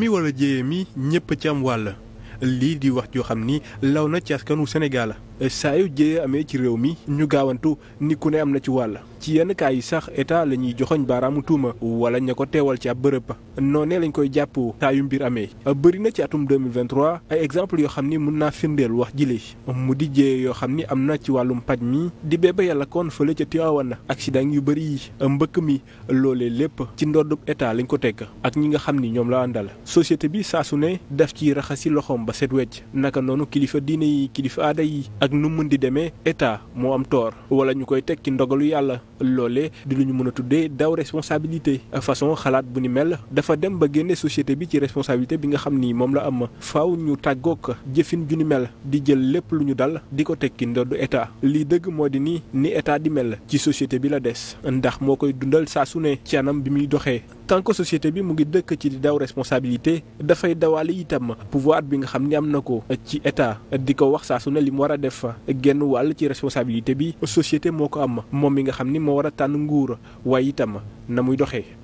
mi wala jéyee mi ñëpp ci am wàll lii di wax joo xam ni law na ci askanu Sénégal saa yu jëyee amee ci réew mi ñu gaawantu ni ku ne am na ci wàll ci yenn cas yi sax état la ñuy joxoñ baaraamu tuuma wala ña ko teewal ci ab bërëb noonee lañ koy jàpp saa yu mbir amee bëri na ci atum 2023 ay exemple yoo xam ni mën naa firndeel wax jile mu di jëyee yoo xam ni am na ci wàllum paj mi di béba yàlla kon fële ca na Tiwaawan accident yu bëri yi mbëkk mi loolee lépp ci ndoddub état lañ ko teg ak ñi nga xam ni ñoom la àndal société bi saa su ne daf ci raxasi loxoom ba set wecc naka noonu kilifa diine kilifa aada ak nu mën di demee état moo am tort wala ñu koy tekki ndogalu yàlla loole di lu ñu mën a tuddee daw responsabilité façon xalaat bu ni mel dafa dem ba génne société bi ci responsabilité bi nga xam ni moom la am faw ñu ko jëfin ju ni mel di jël lépp lu ñu dal di ko tekki ndoddu état lii dëgg moo di nii ni état di mel ci société bi la des ndax moo koy dundal saa su ne ci bi muy doxee tànk société bi mu ngi dëkk ci daw responsabilité dafay dawaale itam pouvoir bi nga xam ni am na ko ci état di ko wax saa su ne li mu war a def genn wàll ci responsabilité bi société moo ko am moom mi nga xam ni moo war a tànn nguur waaye itam na muy doxee.